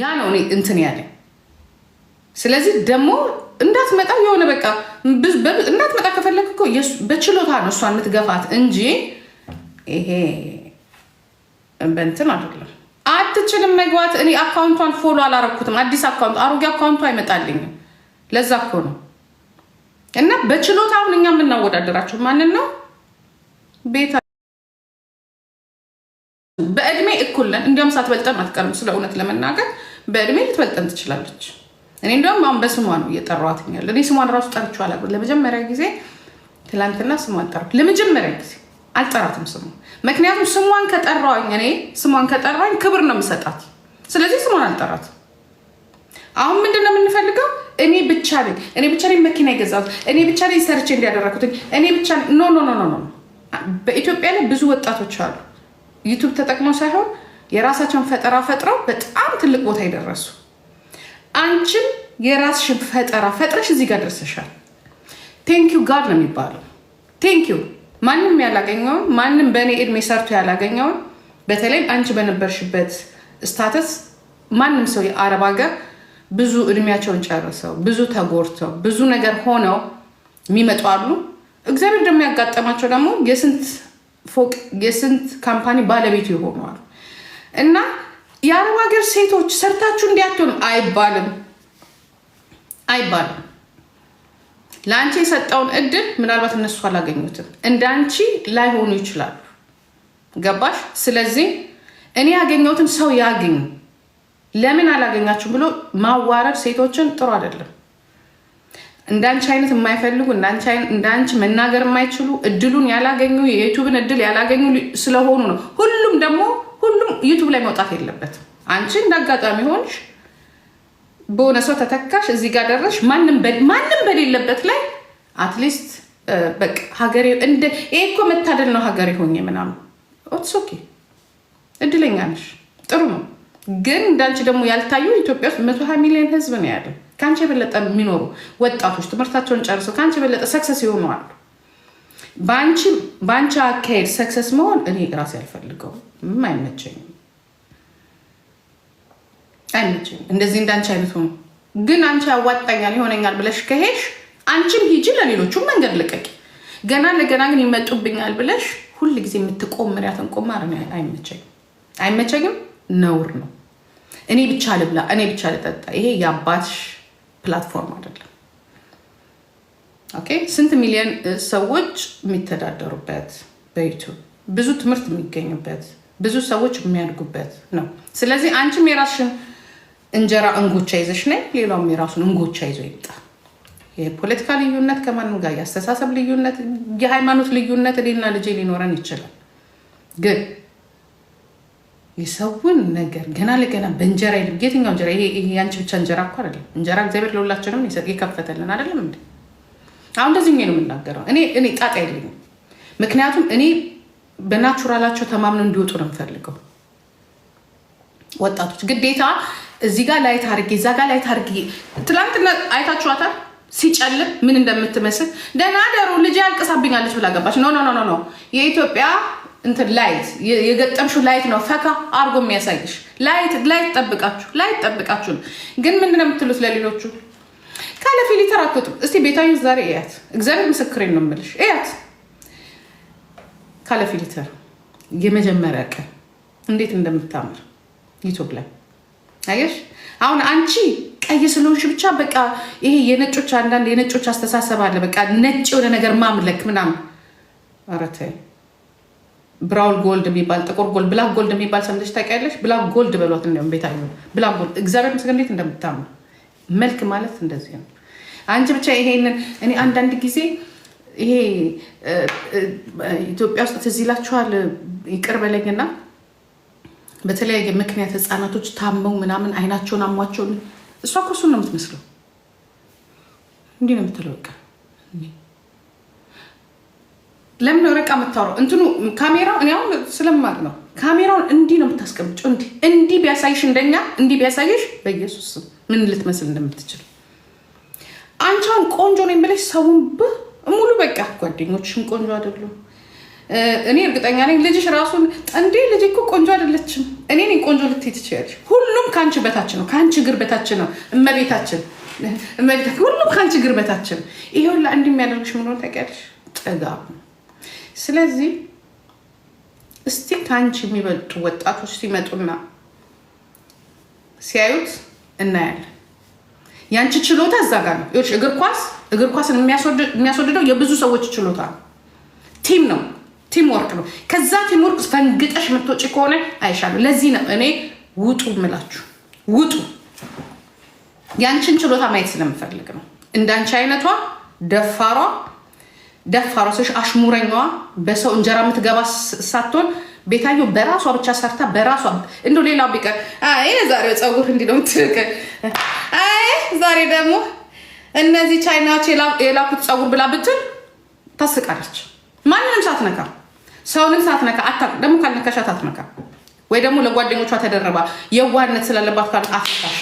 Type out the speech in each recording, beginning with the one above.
ያ ነው እኔ እንትን ያለኝ። ስለዚህ ደግሞ መጣ የሆነ በቃ እንዳትመጣ ከፈለግ እኮ በችሎታ ነው እሷ የምትገፋት እንጂ ይሄ በእንትን አይደለም። አትችልም መግባት። እኔ አካውንቷን ፎሎ አላረኩትም። አዲስ አካውንት አሮጌ አካውንቷ አይመጣልኝም። ለዛ እኮ ነው እና በችሎታ አሁን እኛ የምናወዳደራቸው ማንን ነው? ቤታ በእድሜ እኩል ነን። እንዲያውም ሳትበልጠን አትቀርም። ስለ እውነት ለመናገር በእድሜ ልትበልጠን ትችላለች። እኔ እንዲያውም አሁን በስሟ ነው እየጠሯት ያለ። እኔ ስሟን ራሱ ጠርቼ አላውቅም። ለመጀመሪያ ጊዜ ትላንትና ስሟን ጠራሁ። ለመጀመሪያ ጊዜ አልጠራትም ስሙ። ምክንያቱም ስሟን ከጠራኝ እኔ ስሟን ከጠራኝ ክብር ነው የምሰጣት። ስለዚህ ስሟን አልጠራትም። አሁን ምንድን ነው የምንፈልገው? እኔ ብቻ ነኝ፣ እኔ ብቻ ነኝ መኪና የገዛሁት፣ እኔ ብቻ ነኝ ሰርቼ እንዲያደረግኩት፣ እኔ ብቻ ኖ ኖ ኖ ኖ። በኢትዮጵያ ላይ ብዙ ወጣቶች አሉ ዩቱብ ተጠቅመው ሳይሆን የራሳቸውን ፈጠራ ፈጥረው በጣም ትልቅ ቦታ የደረሱ አንቺም የራስሽን ፈጠራ ፈጥረሽ እዚህ ጋር ደርሰሻል። ቴንኪዩ ጋድ ነው የሚባለው። ቴንኪዩ ማንም ያላገኘውን ማንም በእኔ እድሜ ሰርቶ ያላገኘውን በተለይም አንቺ በነበርሽበት ስታተስ ማንም ሰው የአረብ ሀገር ብዙ እድሜያቸውን ጨርሰው ብዙ ተጎድተው ብዙ ነገር ሆነው የሚመጡ አሉ። እግዚአብሔር ደግሞ ያጋጠማቸው ደግሞ የስንት ፎቅ የስንት ካምፓኒ ባለቤቱ ይሆነዋል። እና የአረብ ሀገር ሴቶች ሰርታችሁ እንዲያትሆን አይባልም አይባልም። ለአንቺ የሰጠውን እድል ምናልባት እነሱ አላገኙትም፣ እንደ አንቺ ላይሆኑ ይችላሉ። ገባሽ? ስለዚህ እኔ ያገኘሁትን ሰው ያገኙ። ለምን አላገኛችሁ ብሎ ማዋረድ ሴቶችን ጥሩ አይደለም። እንዳንቺ አይነት የማይፈልጉ እንዳንቺ መናገር የማይችሉ እድሉን ያላገኙ የዩቱብን እድል ያላገኙ ስለሆኑ ነው። ሁሉም ደግሞ ሁሉም ዩቱብ ላይ መውጣት የለበትም። አንቺ እንዳጋጣሚ ሆንሽ በሆነ ሰው ተተካሽ፣ እዚህ ጋር ደረሽ። ማንም በሌለበት ላይ አትሊስት በቃ ሀገሬ እንደ ይሄ እኮ መታደል ነው ሀገሬ ሆኜ ምናምን ኦትስ ኦኬ፣ እድለኛ ነሽ፣ ጥሩ ነው። ግን እንዳንቺ ደግሞ ያልታዩ ኢትዮጵያ ውስጥ መቶ ሀያ ሚሊዮን ህዝብ ነው ያለ። ከአንቺ የበለጠ የሚኖሩ ወጣቶች ትምህርታቸውን ጨርሰው ከአንቺ የበለጠ ሰክሰስ አሉ። በአንቺ አካሄድ ሰክሰስ መሆን እኔ ራሴ አልፈልገውም። አይመቸኝም አይመቸኝም። እንደዚህ እንዳንቺ አይነት ሆኖ ግን አንቺ ያዋጣኛል ይሆነኛል ብለሽ ከሄሽ አንቺም ሂጂ፣ ለሌሎቹም መንገድ ልቀቂ። ገና ለገና ግን ይመጡብኛል ብለሽ ሁል ጊዜ የምትቆምሪያትን ቁማር አይመቸኝም፣ አይመቸኝም። ነውር ነው። እኔ ብቻ ልብላ፣ እኔ ብቻ ልጠጣ፣ ይሄ የአባትሽ ፕላትፎርም አይደለም። ኦኬ ስንት ሚሊዮን ሰዎች የሚተዳደሩበት በዩቱብ ብዙ ትምህርት የሚገኙበት ብዙ ሰዎች የሚያድጉበት ነው። ስለዚህ አንቺም የራስሽን እንጀራ እንጎቻ ይዘሽ ነይ፣ ሌላውም የራሱን እንጎቻ ይዞ ይምጣ። የፖለቲካ ልዩነት ከማንም ጋር የአስተሳሰብ ልዩነት፣ የሃይማኖት ልዩነት እኔና ልጄ ሊኖረን ይችላል። ግን የሰውን ነገር ገና ለገና በእንጀራ የትኛው እንጀራ ይሄ የአንቺ ብቻ እንጀራ እኮ አይደለም። እንጀራ እግዚአብሔር ለሁላችንም የከፈተልን አይደለም እንዴ? አሁን እንደዚህ ነው የምናገረው እኔ እኔ ጣጣ የለኝም። ምክንያቱም እኔ በናቹራላቸው ተማምነው እንዲወጡ ነው የምፈልገው። ወጣቶች ግዴታ እዚህ ጋር ላይት አድርጌ እዛ ጋር ላይት አድርጌ ትላንትና አይታችኋታል። ሲጨልም ምን እንደምትመስል ደህና ደሩ ልጅ ያልቅሳብኛለች ብላ ገባች። ኖ ኖ ኖ ኖ የኢትዮጵያ እንትን ላይት የገጠምሽው ላይት ነው ፈካ አርጎ የሚያሳይሽ ላይት ላይት ጠብቃችሁ ላይት ጠብቃችሁ ግን ምንድን ነው የምትሉት ለሌሎቹ ካለ ፊልተር አትወጡም። እስቲ ቤታዩ ዛሬ እያት፣ እግዚአብሔር ምስክሬን ነው የምልሽ እያት ካለ ፊልተር የመጀመሪያ ቀን እንዴት እንደምታምር ዩቱብ ላይ አየሽ። አሁን አንቺ ቀይ ስለሆንሽ ብቻ በቃ ይሄ የነጮች አንዳንድ የነጮች አስተሳሰብ አለ። በቃ ነጭ የሆነ ነገር ማምለክ ምናምን። ኧረ ተይ። ብራውን ጎልድ የሚባል ጥቁር ጎልድ፣ ብላክ ጎልድ የሚባል ሰምተሽ ታውቂያለሽ? ብላክ ጎልድ በሏት። እንዲያውም ቤታዬ ብላክ ጎልድ፣ እግዚአብሔር ይመስገን እንዴት እንደምታምር መልክ ማለት እንደዚህ ነው። አንቺ ብቻ ይሄንን እኔ አንዳንድ ጊዜ ይሄ ኢትዮጵያ ውስጥ ትዝ ይላችኋል፣ ይቅር በለኝና በተለያየ ምክንያት ህፃናቶች ታመው ምናምን አይናቸውን አሟቸውን እሷ እኮ እሱን ነው የምትመስለው። እንዲህ ነው የምትለው። በቃ ለምን ወረቃ የምታወራው? እንትኑ ካሜራው እኔ አሁን ስለማር ነው ካሜራውን እንዲህ ነው የምታስቀምጨው። እንዲህ እንዲህ ቢያሳይሽ እንደኛ እንዲህ ቢያሳይሽ በኢየሱስ ምን ልትመስል እንደምትችል አንቻን ቆንጆ ነኝ ብለሽ ሰውን ብህ ሙሉ በቃ ጓደኞችም ቆንጆ አይደሉም። እኔ እርግጠኛ ነኝ ልጅሽ ራሱን እንዴ ልጅ እኮ ቆንጆ አይደለችም። እኔ ነኝ ቆንጆ ልትይ ትችያለሽ። ሁሉም ከአንቺ በታች ነው፣ ከአንቺ እግር በታች ነው። እመቤታችን እመቤታ ሁሉም ከአንቺ እግር በታች ነው። ይሄ ሁላ እንዲህ የሚያደርግሽ ምን ሆነ ታውቂያለሽ? ጥጋብ። ስለዚህ እስቲ ከአንቺ የሚበልጡ ወጣቶች ሲመጡና ሲያዩት እናያለን። ያንቺ ችሎታ እዛ ጋር ነው። እግር ኳስ እግር ኳስን የሚያስወድደው የብዙ ሰዎች ችሎታ ቲም ነው፣ ቲም ወርክ ነው። ከዛ ቲም ወርክ ፈንግጠሽ የምትወጪ ከሆነ አይሻሉ። ለዚህ ነው እኔ ውጡ ምላችሁ፣ ውጡ። ያንቺን ችሎታ ማየት ስለምፈልግ ነው። እንዳንቺ አይነቷ ደፋሯ ደፋሯ ሰሽ አሽሙረኛዋ በሰው እንጀራ የምትገባ ሳትሆን ቤታየው በራሷ ብቻ ሰርታ በራሷ እንደ ሌላው ቢቀር ይ ዛሬው ፀጉር እንዲ ነው፣ ዛሬ ደግሞ እነዚህ ቻይናዎች የላኩት ፀጉር ብላ ብትል ታስቃለች። ማንንም ሳትነካ ሰውንም ሳትነካ አታ ደግሞ ካልነካሻት አትነካ ወይ ደግሞ ለጓደኞቿ ተደረባ የዋህነት ስላለባት ካል አፍታሽ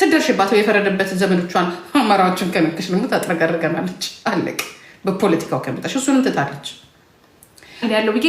ስደርሽባት የፈረደበት ዘመዶቿን አማራዎችን ከነክሽ ደግሞ ታጥረገርገናለች። አለቅ በፖለቲካው ከመጣሽ እሱንም ትታለች ያለው ብዬ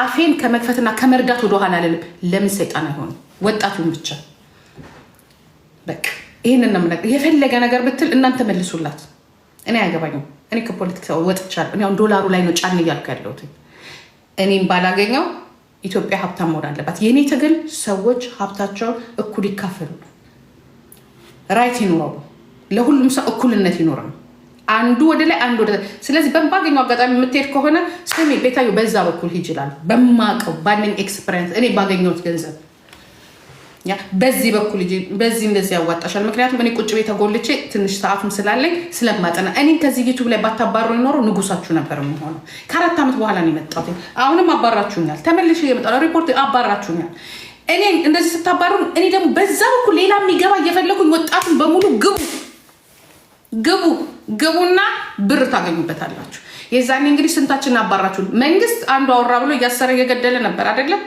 አፌን ከመክፈትና ከመርዳት ወደኋላ አልልም። ለምን ሰይጣን አይሆንም? ወጣቱን ብቻ በቃ ይህንን ነው የምነግርህ። የፈለገ ነገር ብትል እናንተ መልሱላት። እኔ አያገባኝም። እኔ ከፖለቲካ ወጥቻለሁ። እኔ አሁን ዶላሩ ላይ ነው ጫን እያልኩ ያለሁት። እኔም ባላገኘው ኢትዮጵያ ሀብታም መሆን አለባት። የእኔ ትግል ሰዎች ሀብታቸውን እኩል ይካፈሉ፣ ራይት ይኑረው፣ ለሁሉም ሰው እኩልነት ይኖር አንዱ ወደ ላይ አንዱ ወደ ስለዚህ በማገኘው አጋጣሚ የምትሄድ ከሆነ ስሜ ቤታዩ በዛ በኩል ይችላል። በማቀው ባለኝ ኤክስፐሪንስ እኔ ባገኘሁት ገንዘብ በዚህ በኩል በዚህ እንደዚህ ያዋጣሻል። ምክንያቱም እኔ ቁጭ ቤት ተጎልቼ ትንሽ ሰዓቱም ስላለኝ ስለማጠና እኔ ከዚህ ዩቱብ ላይ ባታባሩ ኖረው ንጉሳችሁ ነበር የምሆነው። ከአራት ዓመት በኋላ ነው የመጣሁት። አሁንም አባራችሁኛል። ተመልሽ የመጣ ሪፖርት አባራችሁኛል። እኔ እንደዚህ ስታባሩ፣ እኔ ደግሞ በዛ በኩል ሌላ የሚገባ እየፈለጉኝ ወጣቱን በሙሉ ግቡ ግቡ ግቡና ብር ታገኙበታላችሁ። የዛኔ እንግዲህ ስንታችን አባራችሁ መንግስት አንዱ አወራ ብሎ እያሰረ እየገደለ ነበር አይደለም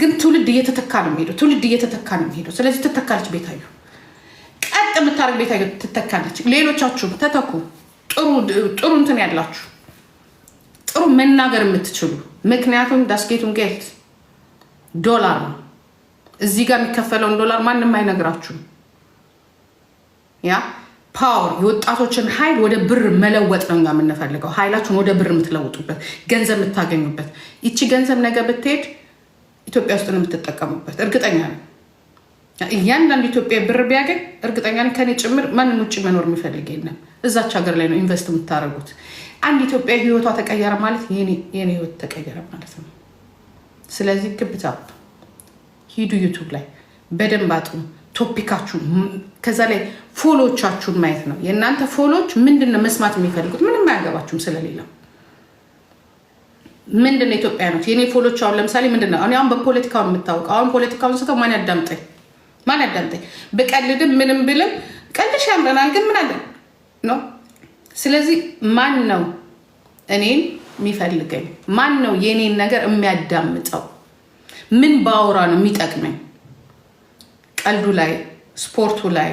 ግን ትውልድ እየተተካ ነው የሚሄደው። ትውልድ እየተተካ ነው የሚሄደው። ስለዚህ ትተካለች። ቤታዩ ቀጥ የምታደርግ ቤታዩ ትተካለች። ሌሎቻችሁም ተተኩ። ጥሩ እንትን ያላችሁ ጥሩ መናገር የምትችሉ ምክንያቱም ዳስጌቱን ጌልት ዶላር ነው እዚህ ጋር የሚከፈለውን ዶላር ማንም አይነግራችሁም። ያ ፓወር የወጣቶችን ኃይል ወደ ብር መለወጥ ነው እኛ የምንፈልገው። ኃይላችሁን ወደ ብር የምትለውጡበት ገንዘብ የምታገኙበት። ይቺ ገንዘብ ነገ ብትሄድ ኢትዮጵያ ውስጥ ነው የምትጠቀሙበት። እርግጠኛ ነው እያንዳንዱ ኢትዮጵያ ብር ቢያገኝ እርግጠኛ ነኝ ከኔ ጭምር ማንም ውጭ መኖር የሚፈልግ የለም። እዛች ሀገር ላይ ነው ኢንቨስት የምታደርጉት። አንድ ኢትዮጵያ ህይወቷ ተቀየረ ማለት የኔ ህይወት ተቀየረ ማለት ነው። ስለዚህ ግብታ ሂዱ ዩቱብ ላይ በደንብ አጥኑ ቶፒካችሁን፣ ከዛ ላይ ፎሎቻችሁን ማየት ነው። የእናንተ ፎሎች ምንድን ነው መስማት የሚፈልጉት ምንም አያገባችሁም ስለሌለው ምንድን ነው ኢትዮጵያኖች የኔ ፎሎች አሁን ለምሳሌ ምንድን ነው አሁን በፖለቲካው የምታወቅ አሁን ፖለቲካውን ስተው ማን ያዳምጠኝ ማን ያዳምጠኝ ብቀልድም ምንም ብልም ቀልሽ ያምረናል ግን ምን አለን ነው ስለዚህ ማን ነው እኔን የሚፈልገኝ ማን ነው የእኔን ነገር የሚያዳምጠው ምን በአውራ ነው የሚጠቅመኝ ቀልዱ ላይ ስፖርቱ ላይ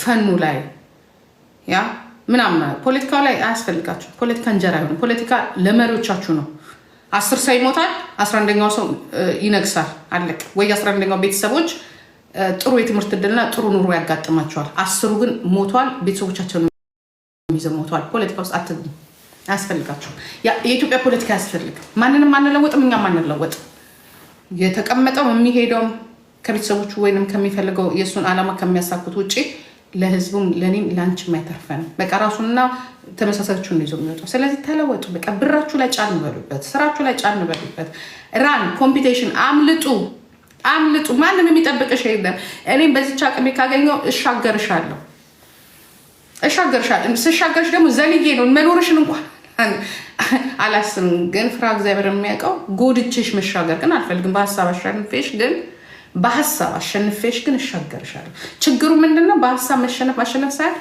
ፈኑ ላይ ያ ምናምን ፖለቲካው ላይ አያስፈልጋቸው ፖለቲካ እንጀራ አይሆንም። ፖለቲካ ለመሪዎቻችሁ ነው። አስር ሰው ይሞታል፣ አስራ አንደኛው ሰው ይነግሳል። አለቅ ወይ አስራ አንደኛው ቤተሰቦች ጥሩ የትምህርት እድልና ጥሩ ኑሮ ያጋጥማቸዋል። አስሩ ግን ሞቷል፣ ቤተሰቦቻቸውን ይዘው ሞቷል። ፖለቲካ ውስጥ አት አያስፈልጋችሁ። የኢትዮጵያ ፖለቲካ አያስፈልግ። ማንንም አንለወጥም፣ እኛም አንለወጥም። የተቀመጠው የሚሄደውም ከቤተሰቦቹ ወይንም ከሚፈልገው የእሱን አላማ ከሚያሳኩት ውጭ ለህዝቡም ለእኔም ለአንቺም አይተርፈንም። በቃ ራሱና ተመሳሳዮቹን ይዞ የሚወጣው ስለዚህ ተለወጡ። በቃ ብራችሁ ላይ ጫን በሉበት፣ ስራችሁ ላይ ጫን በሉበት። ራን ኮምፒቴሽን አምልጡ፣ አምልጡ። ማንም የሚጠብቅሽ የለም። እኔም በዚች አቅሜ ካገኘው እሻገርሻለሁ፣ እሻገርሻለሁ። ስሻገርሽ ደግሞ ዘልዬ ነው መኖርሽን እንኳን አላስብም። ግን ፍራ እግዚአብሔር የሚያውቀው ጎድቼሽ መሻገር ግን አልፈልግም። በሀሳብ አሻንፌሽ ግን በሀሳብ አሸንፌሽ ግን እሻገርሻለሁ። ችግሩ ምንድነው? በሀሳብ መሸነፍ ማሸነፍ ሳይሆን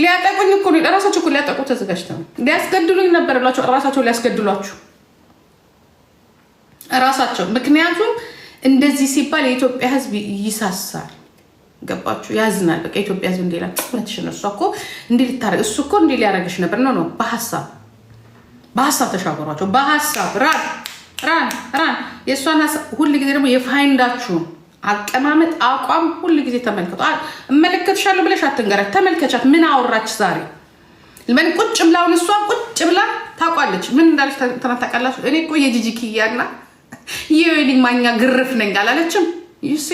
ሊያጠቁኝ እኮ ራሳቸው እኮ ሊያጠቁ ተዘጋጅተው ሊያስገድሉኝ ነበር ብላቸው ራሳቸው ሊያስገድሏችሁ ራሳቸው። ምክንያቱም እንደዚህ ሲባል የኢትዮጵያ ሕዝብ ይሳሳል። ገባችሁ? ያዝናል። በቃ የኢትዮጵያ ሕዝብ እንዲላ ትሽን እሷ እኮ እንዲህ ልታረግ እሱ እኮ እንዲህ ሊያረግሽ ነበር ነው ነው። በሀሳብ በሀሳብ ተሻገሯቸው። በሀሳብ ራን ራን ራን የእሷን ሁል ጊዜ ደግሞ የፋይንዳችሁን አቀማመጥ፣ አቋም ሁሉ ጊዜ ተመልከቷ። እመለከትሻለሁ ብለሽ አትንገራት። ተመልከቻት። ምን አወራች ዛሬ? ልመን ቁጭ ብላውን እሷ ቁጭ ብላ ታውቋለች። ምን እንዳለች ተናታቃላችሁ። እኔ እኮ የጂጂ ኪያና የወይኒ ማኛ ግርፍ ነኝ አላለችም። ይሲ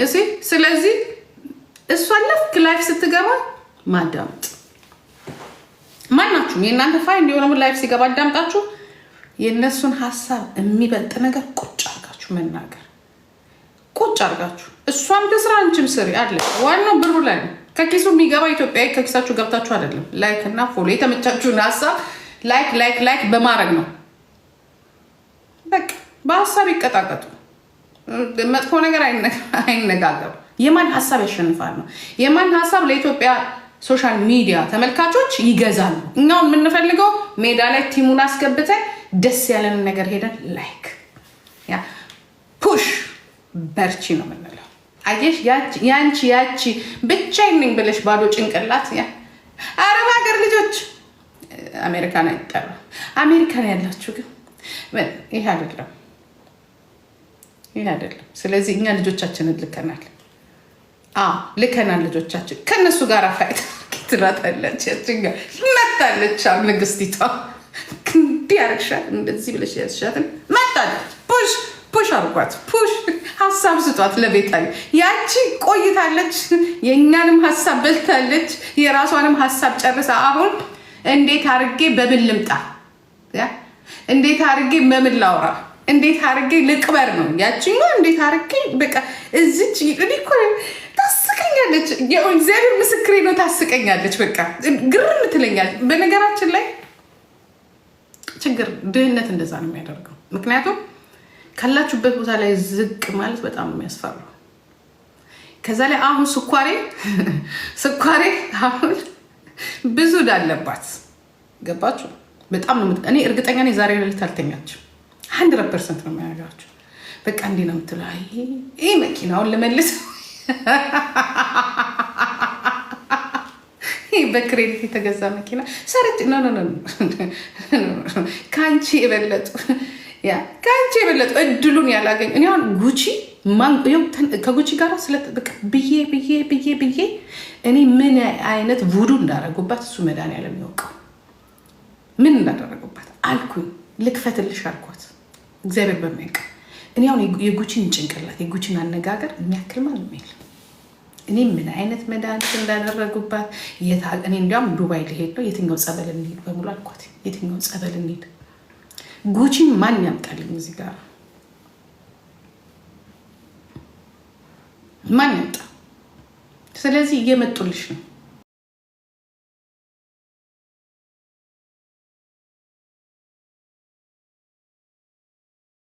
ይሲ። ስለዚህ እሷ ለፍክ ላይፍ ስትገባ ማዳምጥ ማናችሁም የእናንተ ፋይ እንዲሆነ ላይፍ ሲገባ አዳምጣችሁ የእነሱን ሀሳብ የሚበልጥ ነገር ቁጫ አድርጋችሁ መናገር ቁጭ አድርጋችሁ እሷም ለስራ አንቺም ስሪ አለ። ዋናው ብሩ ላይ ነው። ከኪሱ የሚገባ ኢትዮጵያዊ ከኪሳችሁ ገብታችሁ አይደለም። ላይክ እና ፎሎ የተመቻችሁን ሀሳብ ላይክ ላይክ ላይክ በማድረግ ነው። በቃ በሀሳብ ይቀጣቀጡ። መጥፎ ነገር አይነጋገሩ። የማን ሀሳብ ያሸንፋል ነው። የማን ሀሳብ ለኢትዮጵያ ሶሻል ሚዲያ ተመልካቾች ይገዛሉ። እኛው የምንፈልገው ሜዳ ላይ ቲሙን አስገብተን ደስ ያለንን ነገር ሄደን ላይክ ፑሽ በርቺ ነው የምንለው። አየሽ ያንቺ ያቺ ብቻዬን ነኝ ብለሽ ባዶ ጭንቅላት አረብ ሀገር ልጆች አሜሪካን አይጠራ አሜሪካን ያላችሁ ግን ይህ አይደለም፣ ይህ አይደለም። ስለዚህ እኛ ልጆቻችንን ልከናል፣ ልከናል። ልጆቻችን ከእነሱ ጋር ፋይት ትላታለች። ጋር መታለች። ንግስቲቷ እንዲህ ያረግሻል እንደዚህ ብለሽ ያስሻትን ፑሽ አርጓት፣ ፑሽ ሀሳብ ስጧት ለቤታል። ያቺ ቆይታለች፣ የእኛንም ሀሳብ በልታለች፣ የራሷንም ሀሳብ ጨርሳ አሁን እንዴት አርጌ በምን ልምጣ፣ እንዴት አርጌ መምን ላውራ፣ እንዴት አርጌ ልቅበር ነው ያቺኛ። እንዴት አርጌ በቃ እዚች እኮ ታስቀኛለች። እግዚአብሔር ምስክሬ ነው፣ ታስቀኛለች። በቃ ግርም ትለኛለች። በነገራችን ላይ ችግር ድህነት እንደዛ ነው የሚያደርገው ምክንያቱም ካላችሁበት ቦታ ላይ ዝቅ ማለት በጣም የሚያስፈራ ከዛ ላይ አሁን ስኳሬ ስኳሬ አሁን ብዙ ዳለባት ገባችሁ። በጣም ነው እኔ እርግጠኛ ነኝ ዛሬ ሌሊት አልተኛች። ሀንድረድ ፐርሰንት ነው የሚያገራችሁ። በቃ እንዲህ ነው የምትለው፣ ይህ መኪናውን ልመልስ፣ በክሬዲት የተገዛ መኪና ሰርች፣ ከአንቺ የበለጡ ከአንቺ የበለጠ እድሉን ያላገኝ እኔ አሁን ጉቺ ከጉቺ ጋር ብዬ ብዬ ብዬ ብዬ እኔ ምን አይነት ቡዱ እንዳደረጉባት እሱ መድኃኒዓለም የሚያውቀው ምን እንዳደረጉባት አልኩኝ። ልክፈትልሽ አልኳት እግዚአብሔር በሚያውቅ እኔ አሁን የጉቺን ጭንቅላት የጉቺን አነጋገር የሚያክል ማንም የለም። እኔ ምን አይነት መድኃኒት እንዳደረጉባት እኔ እንዲያውም ዱባይ ልሄድ ነው የትኛው ጸበል እንሂድ በሙሉ አልኳት። የትኛው ጸበል እንሂድ ጉቺን ማን ያምጣልኝ? እዚህ ጋር ማን ያምጣ? ስለዚህ እየመጡልሽ ነው።